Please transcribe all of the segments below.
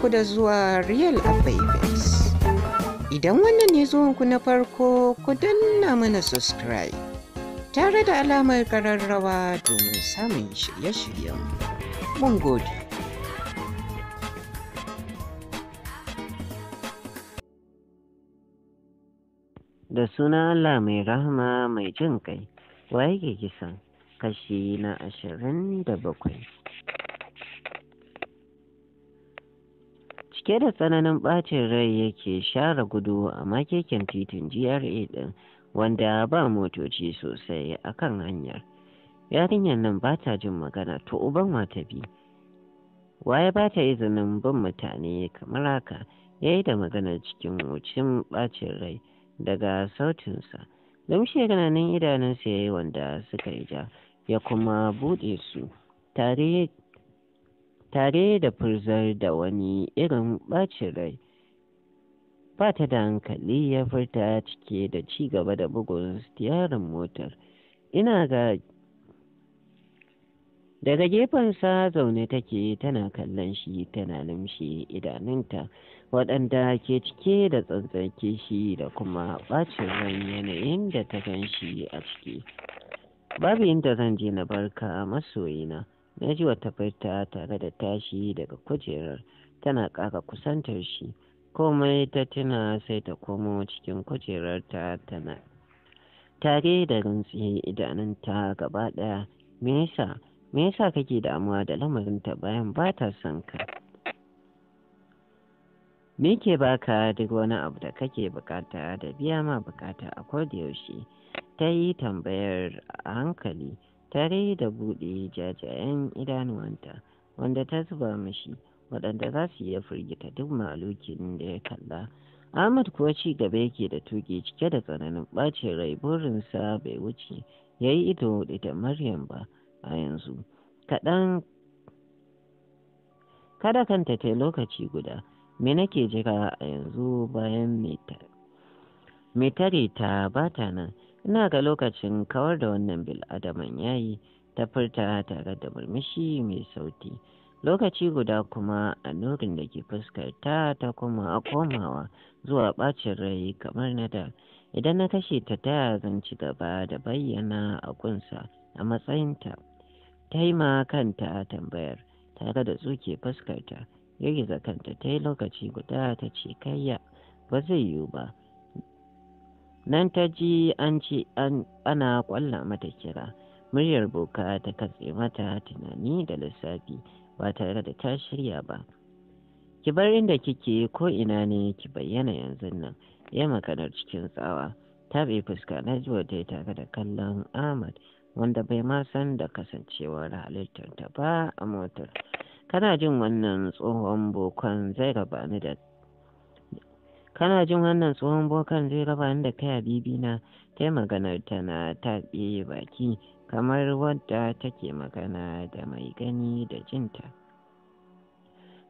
ku da zuwa Real Abavis. Idan wannan ne zuwanku na farko ku danna mana subscribe tare da alamar kararrawa domin samun shirye-shiryen. Mun gode. Da suna Allah mai rahama mai jin kai, waye ke kisan kashi na ashirin da bakwai. cike da tsananin ɓacin rai yake share gudu a makekin titin gra ɗin wanda ba motoci sosai a kan hanyar yarinyar nan ba ta jin magana to uban wata bi waye ba ta izinin bin mutane kamar haka ya yi da magana cikin wucin ɓacin rai daga sautinsa lumshe ganin idanunsa ya yi wanda suka yi ja ya kuma buɗe su tare tare da furzar da wani irin ɓacin rai ba ta da hankali ya furta cike da ci gaba da bugun tiyarin motar ina ga daga gefensa zaune take tana kallon shi tana limshi idanunta waɗanda ke cike da tsantsar kishi da kuma ɓacin ran yanayin da ta gan shi a ciki babu da zan je na barka masoyina Najwa ta furta tare da tashi daga kujerar tana ƙara kusantar shi komai ta tuna sai ta komo cikin kujerarta tana tare da rantsi ta gaba ɗaya me yasa me yasa kake damuwa da lamarinta bayan ba ta son ka me ke baka duk wani abu da kake bukata da biya ma bukata a koda yaushe ta yi tambayar a hankali Tare da buɗe jajayen idanuwanta wanda ta zuba mashi waɗanda za su iya firgita duk malukin da ya kalla ahmad kuwa ci gaba yake da tuƙi cike da tsananin ɓacin rai burinsa bai wuce ya yi ido da maryam ba a yanzu kaɗan kada kanta ta lokaci guda me nake jira a yanzu bayan mai tare ta ba ta nan ina ga lokacin kawar da wannan bil'adaman yayi ta furta tare da murmushi mai sauti lokaci guda kuma a nurin da ke fuskarta ta kuma komawa zuwa ɓacin rai kamar na da idan na kashe ta ta zan ci gaba da bayyana a kunsa a matsayinta ta yi ma kanta tambayar tare da tsuke fuskarta girgiza kanta ta yi lokaci guda ta ce kayya ba zai yiwu ba nan ta ji an ce ana kwalla mata kira muryar boka ta katse mata tunani da lissafi ba tare da ta shirya ba ki bar inda kike ko ina ne ki bayyana yanzu nan ya makanar cikin tsawa ta bai fuska na jiwa ta tare da kallon ahmad wanda bai ma san da kasancewar halittar ta ba a motar kana jin wannan tsohon bokon zai gabani da kana jin wannan tsohon bokan zai raba ni da kai bibi na ta maganar tana taɓe baki kamar wadda take magana da mai gani da jinta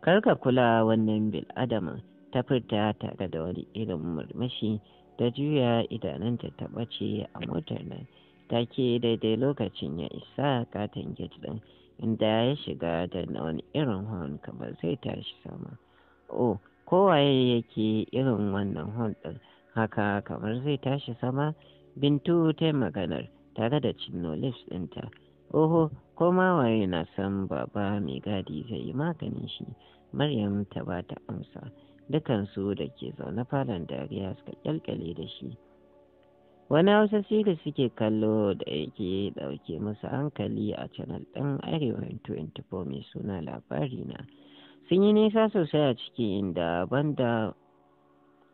karka kula wannan bil'adama ta furta tare da wani irin murmushi da juya idananta ta ɓace a motar nan ke daidai lokacin ya isa katin gate ɗin inda ya shiga da wani irin horn kamar zai tashi sama oh kowaye yake irin wannan hulɗar haka kamar zai tashi sama bintu ta maganar tare da cinno ɗinta oho ko ma waye na san baba mai gadi zai yi maganin shi maryam ta ba ta amsa dukansu da ke zaune falon dariya suka kyalkyale da shi wani hausa siri suke kallo da yake dauke musu hankali a canal ɗin arewa 24 mai suna labari na sun yi nisa sosai a ciki inda banda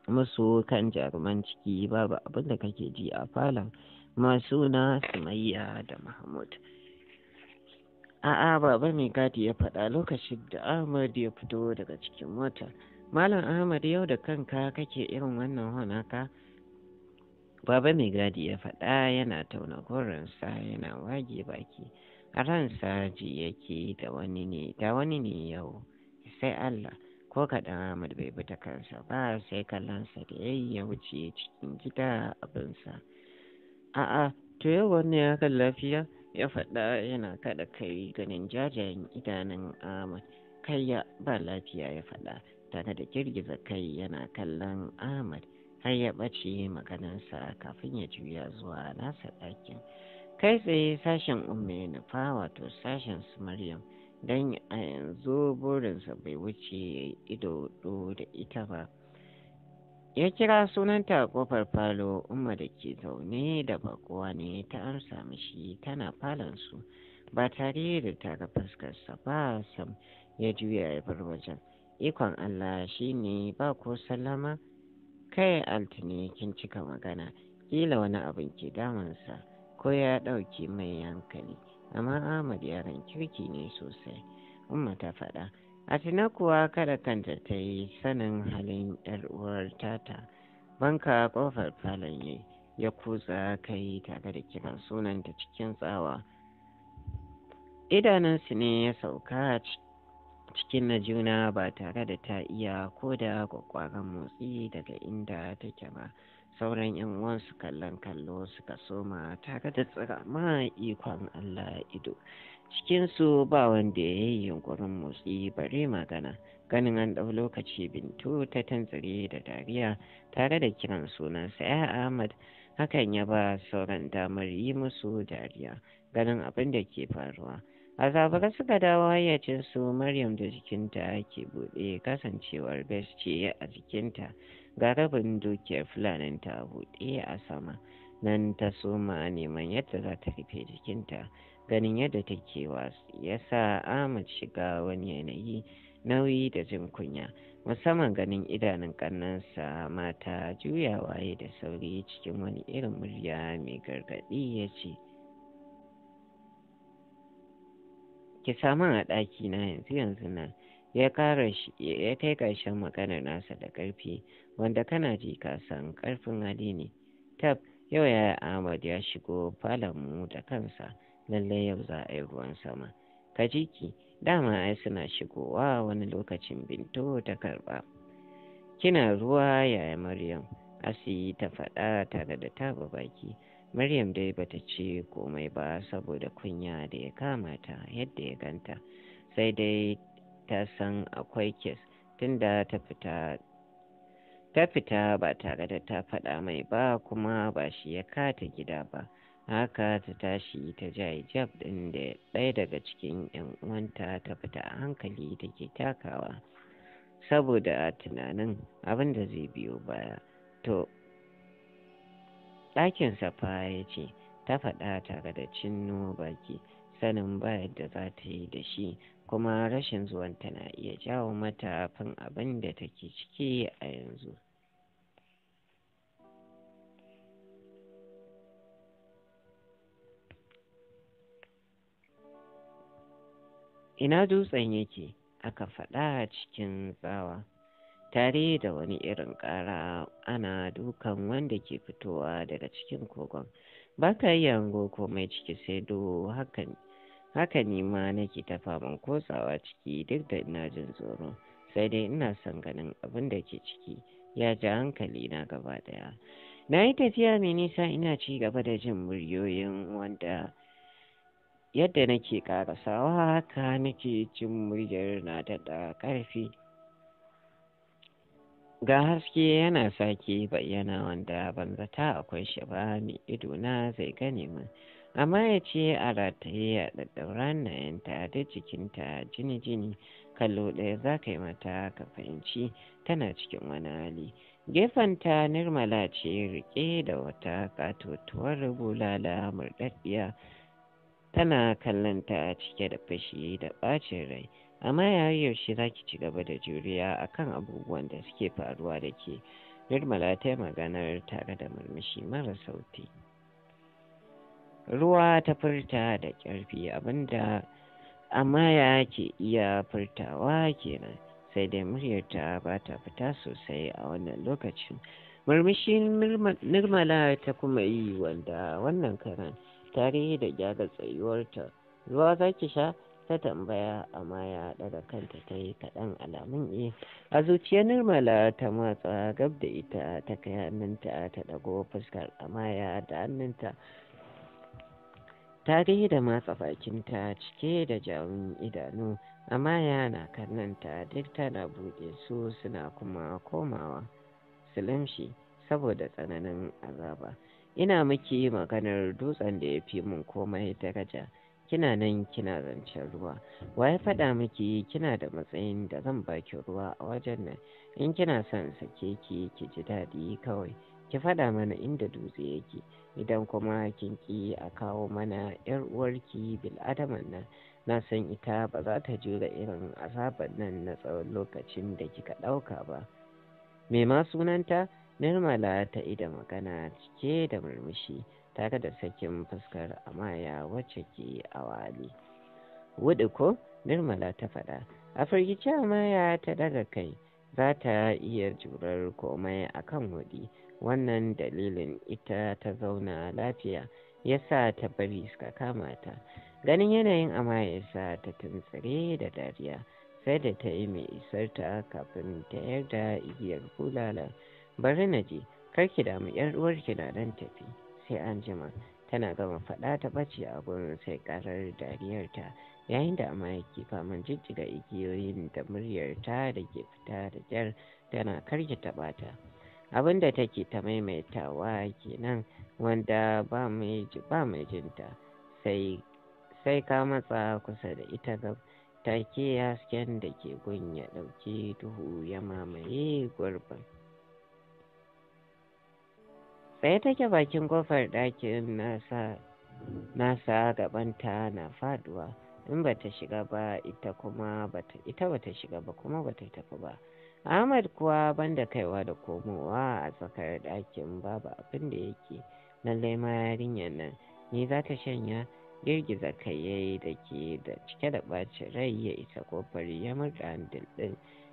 musu kan jaruman ciki babu abin da kake ji a falon masu na sumayya da mahmud a'a baba mai gadi ya faɗa lokacin da ahmad ya fito daga cikin mota malam ahmad yau da kanka kake irin wannan honaka baba mai gadi ya faɗa yana tauna gorinsa yana wage baki a ransa ji yake da wani ne yau sai Allah ko kaɗan Ahmad bai bi ta kansa ba sai kallonsa da yayi ya wuce cikin gida abinsa. A'a, to yau wannan ya kan lafiya ya faɗa yana kaɗa kai ganin jajayen idanun Ahmad. Kai ya ba lafiya ya faɗa tare da girgiza kai yana kallon Ahmad har ya ɓace maganarsa kafin ya juya zuwa nasa ɗakin. Kai tsaye sashen umme Fawa wato sashen su Maryam. don a yanzu burinsa bai wuce ya yi ido hudu da ita ba ya kira sunanta kofar falo Umar da ke zaune da bakowa ne ta amsa shi tana falonsu ba tare da tara fuskarsa ba sam ya juya ya bar wajen ikon allah shi ne ba ko sallama kai altine kin cika magana kila wani abin ke damunsa ko ya ɗauki mai hankali amma Ahmad yaran kirki ne sosai. Umma ta faɗa. Atina kuwa kada kanta ta yi sanin halin ‘yar uwar tata. Banka ƙofar falon ne ya kutsa kai tare da kiran sunanta cikin tsawa. Idanunsu ne ya sauka cikin na juna ba tare da ta iya ko da kwakwaran motsi daga inda take ba. sauran yan uwansu kallon kallo suka soma tare da tsira ma ikon Allah ido cikinsu ba wanda ya yi yunkurin motsi bare magana ganin an ɗau lokaci bintu ta tantsire da dariya tare da kiran sunansa ya ahmad hakan ya ba sauran damar yi musu dariya ganin abin da ke faruwa a zabara suka dawo hayyacinsu maryam da jikinta ke buɗe kasancewar bes ce a jikinta ga rabin dukiyar fulanin ta buɗe a sama nan ta soma neman yadda za ta rufe jikinta ganin yadda take wasu ya sa ahmad shiga wani yanayi nauyi da jin kunya musamman ganin idanun ƙannansa mata juyawa ya da sauri cikin wani irin murya mai gargaɗi ya ce ki samu a ɗaki na yanzu yanzu nan ya kai ƙarshen maganar nasa da ƙarfi wanda kana ji ka san ƙarfin hali ne tab yau ya ahmad ya shigo mu da kansa lallai yau za a yi ruwan sama ka ji ki dama ai suna shigowa wani lokacin binto ta karɓa kina ruwa yaya maryam asi ta faɗa tare da taba baki maryam dai bata ce komai ba saboda kunya da ya kama ta yadda ya ganta sai dai ta san akwai kes tunda ta fita ta fita ba tare da ta faɗa mai ba kuma ba shi ya kata gida ba haka ta tashi ta ja hijab ɗin da ɗaya daga cikin 'yan uwanta ta fita a hankali take takawa saboda tunanin abin zai biyo baya to ɗakin safa ya ce ta faɗa tare da cinno baki sanin ba yadda za ta yi da shi kuma rashin zuwanta na iya jawo mata fin abin da take ciki a yanzu. Ina dutsen yake aka faɗa cikin tsawa, tare da wani irin ƙara ana dukan wanda ke fitowa daga cikin kogon, ba ka yango komai ciki sai do hakan haka ne ma nake ta faman kotsawa ciki duk da ina jin tsoro sai dai ina son ganin abin da ke ciki ya ji hankali na gaba daya na yi tafiya mai nisa ina ci gaba da jin muryoyin wanda yadda nake karasawa haka nake jin muryar na da ƙarfi ga haske yana sake bayyana wanda ban akwai shi ba mai ido na zai gane min ya ce a rataye a ɗaɗɗaura yanta ta jikinta jini-jini kallo ɗaya za ka yi mata ka fahimci tana cikin wani hali. ta nirmala ce riƙe da wata katotuwar bulala murɗaɗɗiya tana kallonta cike da fashi da ɓacin rai. amma yaushe za ki ci gaba da juriya a kan abubuwan da suke faruwa da ke nirmala ta yi maganar tare da murmushi mara sauti. ruwa ta furta da ƙarfi abinda amaya ke iya furtawa kenan sai dai muryarta ba ta fita sosai a wannan lokacin Murmushin nirmala ta kuma yi wanda wannan karan tare da gyara tsayuwarta ruwa za ki sha ta tambaya amma ya daga kanta ta yi kaɗan alamun e a zuciyar nirmala ta matsa gab da ita ta kai ta ɗago fuskar amma ya da hannunta ta da matsa bakinta cike da jarun idanu amma yana karnanta, duk tana buɗe su suna kuma komawa shi saboda tsananin azaba ina miki maganar dutsen da ya fi mun komai daraja kina nan kina zancen ruwa wa ya faɗa miki kina da matsayin da zan baki ruwa a wajen nan in kina son sake ki ki ji daɗi kawai ki faɗa mana inda dutse yake idan kuma kin ki a kawo mana yar uwarki bil'adaman nan na san ita ba za ta jura irin azaban nan na tsawon lokacin da kika ɗauka ba me ma sunanta nirmala ta ida magana cike da murmushi tare da sakin fuskar amaya wacce ke a wali wuɗi ko nirmala ta faɗa a firgice amaya ta daga kai za ta iya jurar komai akan wuɗi. wannan dalilin ita ta zauna lafiya ya sa ta bari suka kama ta ganin yanayin amma ya sa ta tuntsire da dariya sai da ta yi mai isar ta kafin ta yarda igiyar kulala. bari na je karki damu yar uwarki na nan tafi sai an jima tana gama faɗa ta ɓace a gurin sai ƙarar dariyarta yayin da amma ke faman jijjiga igiyoyin da muryarta da ke fita da kyar tana karki ta. abin da take ta maimaitawa kenan wanda ba mai jinta sai ka matsa kusa da ita gab take hasken da ke gun ya ɗauki duhu ya mamaye gurbin tsaye take bakin kofar ɗakin nasa gabanta na faduwa in ba ta shiga ba ita kuma bata shiga ba kuma ba ta tafi ba Ahmad kuwa banda kaiwa da komowa a tsakar ɗakin babu abin da yake na lema yarinyar nan ni za ta shanya girgiza kai yayi da ke da cike da ɓacin rai ya isa kofar ya murɗa handil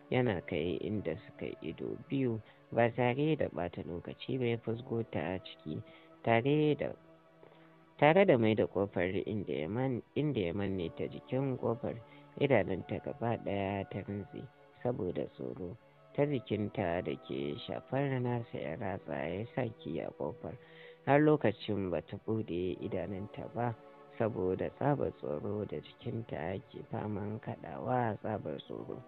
yana kai inda suka ido biyu ba tare da ɓata lokaci bai fusgo ta ciki tare da mai da kofar inda ya manne ta jikin kofar idanunta gaba ɗaya ta rintsi saboda tsoro ta jikinta da ke shafar nasa ya ratsa ya sa ki a kofar har lokacin ba ta buɗe idanunta ba saboda tsabar tsoro da jikinta ke faman kaɗawa tsabar tsoro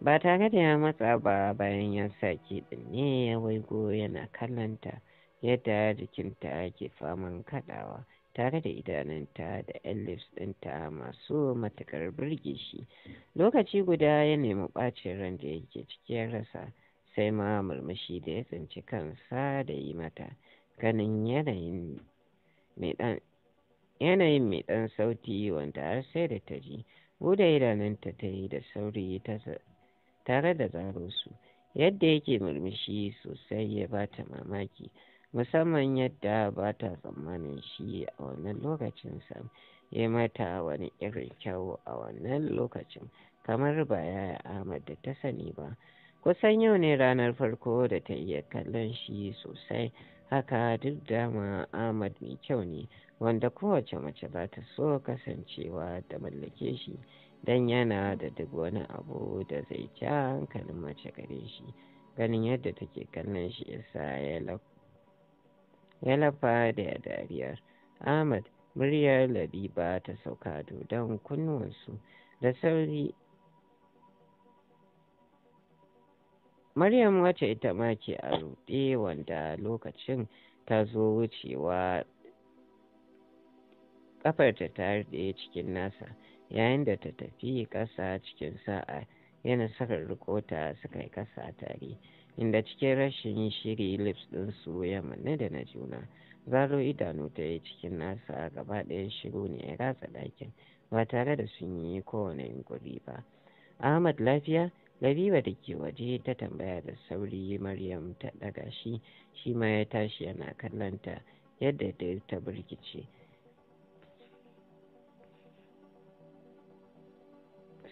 ba tare da ya matsa ba bayan ya sa kiɗin ne ya waigo yana kallanta yadda jikinta ke faman kaɗawa tare da idanunta da ellis ɗinta masu matukar birge shi lokaci guda ya nemi ɓacin ran da yake cikin rasa sai ma murmushi da ya tsinci kansa da yi mata ganin yanayin mai ɗan sauti wanda har sai da ta ji buɗe idanunta ta yi da sauri tare da zaro su yadda yake murmushi sosai ya ba ta mamaki musamman yadda ba ta tsammanin shi a wannan lokacin sam ya mata wani irin kyau a wannan lokacin kamar ba ya yi Ahmad da ta sani ba kusan yau ne ranar farko da ta iya kallon shi sosai haka duk dama Ahmad mai kyau ne wanda kowace mace za ta so kasancewa da mallake shi don yana da duk wani abu da zai ja hankalin mace gare shi ganin yadda take kallon shi yasa ya lafa yalafa da dariyar ahmad muryar ba ta sauka dodon kunnuwansu da sauri Maryam wacce ita ma ke a ruɗe wanda lokacin ta zo wucewa ƙafarta ta ruɗe cikin nasa yayin da ta tafi ƙasa cikin sa'a yana saka rikota suka yi ƙasa tare inda cikin rashin shiri lips su, ya manne da na juna zaro idanu ta yi cikin nasa a gaba ɗaya shiru ne ya ratsa ɗakin ba tare da sun yi kowane yunkuri ba ahmad lafiya Labiba da ke waje ta tambaya da sauri Maryam ta ɗaga shi shi ma ya tashi yana kallanta yadda da ta birkice.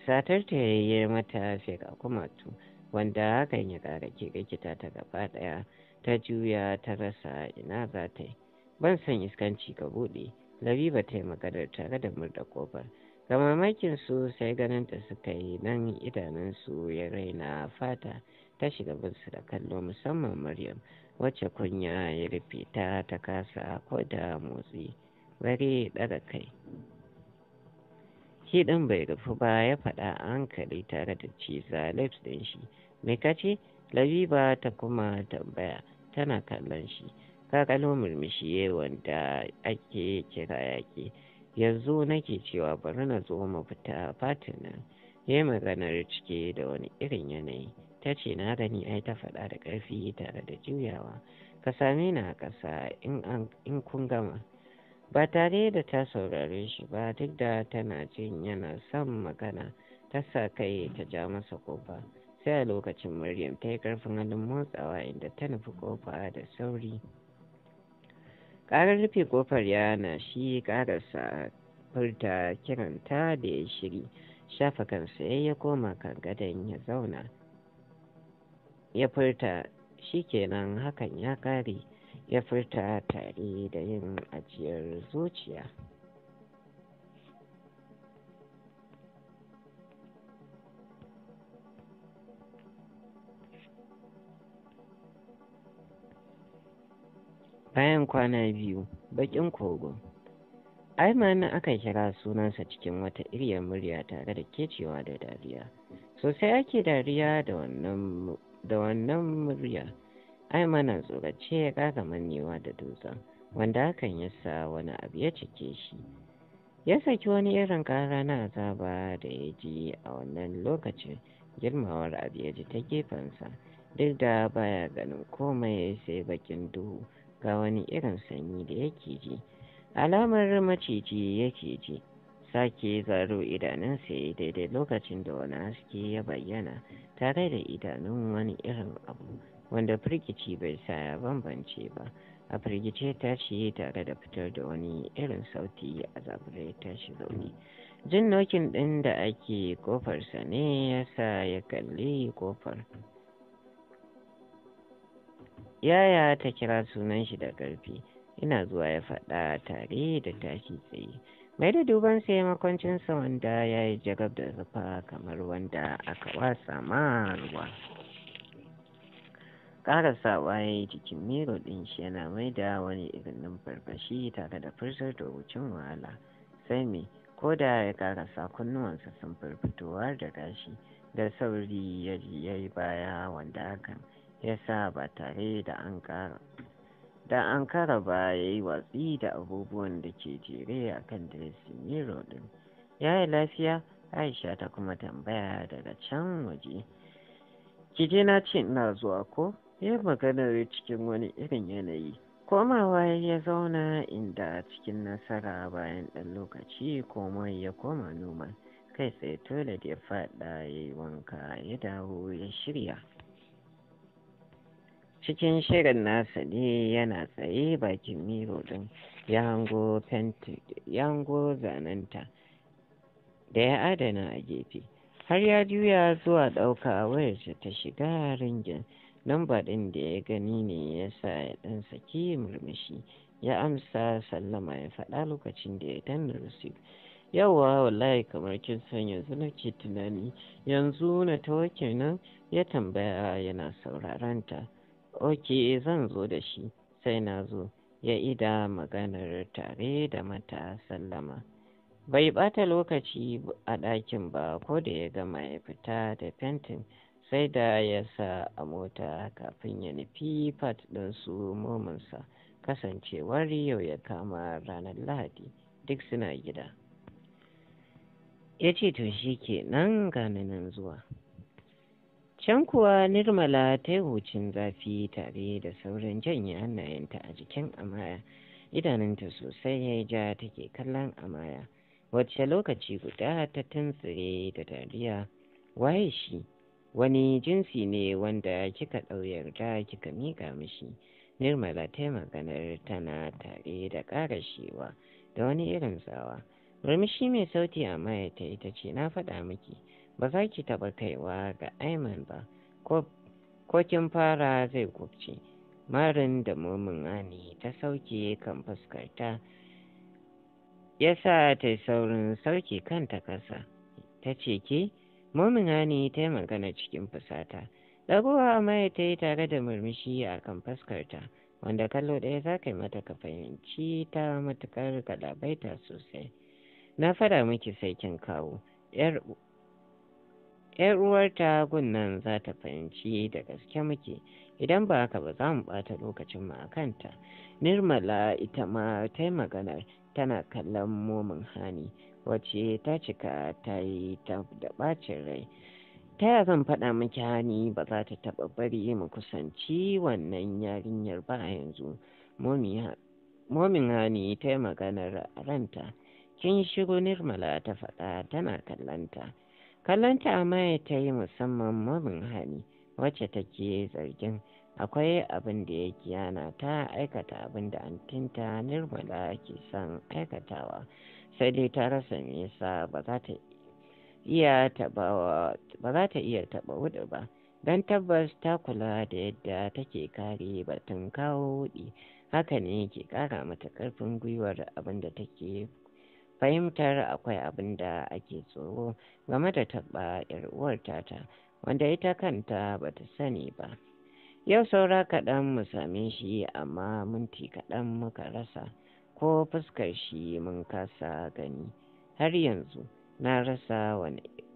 Satar ta yayyar mata fika kumatu wanda hakan ya ƙara rikita ta gaba ɗaya ta juya ta rasa ina za ta yi ban san iskanci ka buɗe labiba ta yi maganar tare da murda ƙofar ga mamakin su sai ganin ta suka yi nan idanunsu ya raina fata ta shiga binsu da kallo musamman maryam wacce kunya ya rufe ta ta kasa ko da motsi bari ɗaga kai baki ɗin bai rufu ba ya faɗa a hankali tare da ciza lips ɗin shi mai kace labiba ta kuma tambaya tana kallon shi Ka kakalo murmushi wanda ake kira yaƙi yanzu nake cewa bari na zo mu fita nan. ya yi maganar cike da wani irin yanayi ta ce na gani ai ta faɗa da ƙarfi tare da juyawa ka same ni a ƙasa in kun gama ba tare da ta saurare shi ba duk da tana jin yana son magana ta sa kai ta ja masa kofa sai a lokacin maryam ta yi karfin halin motsawa inda ta nufi kofa da sauri karar rufe kofar yana shi karasa furta kiranta da ya shiri shafa kansa ya koma kan gadon ya zauna ya furta shikenan hakan ya ƙare. ya furta tare da yin ajiyar zuciya bayan kwana biyu bakin kogo aimanin aka kira sunansa cikin wata iriyar murya tare da kecewa da dariya sosai ake dariya da wannan murya ai mana tsorace ya ƙara mannewa da dutsen, wanda hakan ya sa wani abu ya cike shi. Ya saki wani irin kara na azaba da ya ji a wannan lokacin girmawar abu ya ji ta gefensa, duk da baya ganin komai sai bakin duhu ga wani irin sanyi da yake ji. Alamar maciji yake ji, sake zaro idanunsa ya daidai lokacin da wani haske ya bayyana tare da idanun wani irin abu wanda firgici bai sa ya bambance ba a firgice ta ciye tare da fitar da wani irin sauti a zafirai ta shi zaune jin nokin ɗin da ake kofarsa ne ya sa ya kalli kofar yaya ta kira sunan shi da ƙarfi ina zuwa ya faɗa tare da tashi tsaye mai da duban sai makoncinsa wanda ya yi jagab da zufa kamar wanda aka wasa ma ruwa ƙara ya yi jikin miro ɗin shi yana mai da wani irin numfarfashi tare da fursar da wucin wahala sai me ko da ya karasa kunnuwansa sun fitowa da gashi da sauri ya yi baya wanda hakan ya sa ba tare da an ƙara da an kara ba ya yi watsi da abubuwan da ke jere a kan diresin miro ɗin ya yi lafiya aisha ta kuma tambaya daga can waje ki je na ce ina zuwa ko ya maganar cikin wani irin yanayi komawa ya zauna inda cikin nasara bayan ɗan lokaci koma ya koma noma kai sai tole da ya faɗa ya yi wanka ya dawo ya shirya cikin shirin nasa ne yana tsaye bakin miro ɗin ya hango zanenta da ya adana a gefe har ya juya zuwa ɗauka wayarsa ta shiga ringin lamba ɗin da ya gani ne ya sa ya ɗan saki murmushi ya amsa sallama ya faɗa lokacin da ya danna rusif yawa wallahi kamar kin san yanzu ke tunani yanzu na tawa kenan ya tambaya yana sauraron ta ok zan zo da shi sai na zo ya ida maganar tare da mata sallama bai bata lokaci a ɗakin ba ko da ya gama ya fita da fentin sai da ya sa a mota kafin ya nufi fat ɗin su momansa kasancewar yau ya kama ranar lahadi duk suna gida ya ce to shi ke nan ganinan zuwa can kuwa nirmala ta yi hucin zafi tare da saurin janye hannayenta a jikin amaya idanunta sosai ya ja take kallon amaya wacce lokaci guda ta tuntsire da dariya waye shi wani jinsi ne wanda kika ɗauyarta da kika miƙa mishi nirmala ta maganar tana tare da ƙara shewa da wani irin tsawa murmushi mai sauti a mayata ita ce na faɗa miki ba za ki taɓa kaiwa ga aiman ba ko kin fara zai kubce marin da murmin ani ta sauke kan fuskarta ya sa ta saurin sauke kanta kasa ta ce ke Mumina hani ta yi magana cikin fusata. Ɗagowa Amaya ta yi tare da murmushi a kan fuskarta, wanda kallo ɗaya za ka yi mata ka fahimci ta matuƙar kalabaita sosai. Na faɗa miki sai kin kawo, ‘yar uwarta gunnan za ta fahimci da gaske muke, idan ba haka ba za mu ɓata lokacinmu a kanta. Nirmala ita ma ta yi magana tana kallon momin hani Wace ta cika ta yi ta da ɓacin rai ta ya zan faɗa miki hani ba za ta taɓa bari mu kusanci wannan yarinyar ba a yanzu momin hani ta yi maganar ranta kin shigo nirmala ta faɗa tana kallanta kallanta amma ya ta yi musamman momin hani wacce take zargin akwai abin da ya kiyana ta aikata abin da antinta nirmala ke son aikatawa sai dai ta rasa nisa ba za ta iya taba wuɗi ba don tabbas ta kula da yadda take kare batun kawo wuɗi haka ne ke ƙara mata ƙarfin gwiwar abin da take fahimtar akwai abin da ake tsoro game da taɓa uwar tata wanda ita kanta ba ta sani ba. Yau saura kaɗan mu same shi amma minti kaɗan muka rasa ko fuskar shi mun kasa gani. Har yanzu na rasa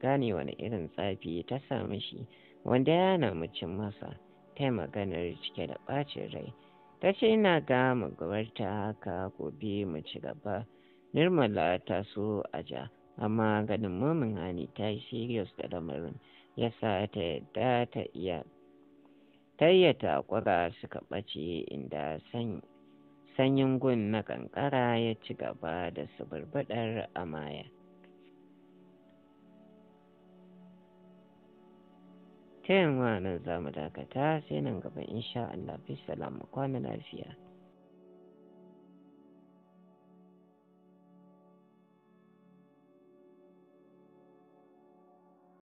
gane wani irin tsafi ta sami shi wanda ya namu cin masa ta maganar cike da ɓacin rai. Ta ce ina ga magabarta haka gobe mu ci gaba. Nirmala ta so a ja amma ganin mamin hani ta yi serious da lamarin ya sa ta yadda ta iya tayyata ƙura suka ɓace inda sanyin gun na ƙanƙara ya ci gaba da suburbaɗar amaya. ta wa nan za mu dakata sai nan gaba insha Allah fi salamu kwana lafiya.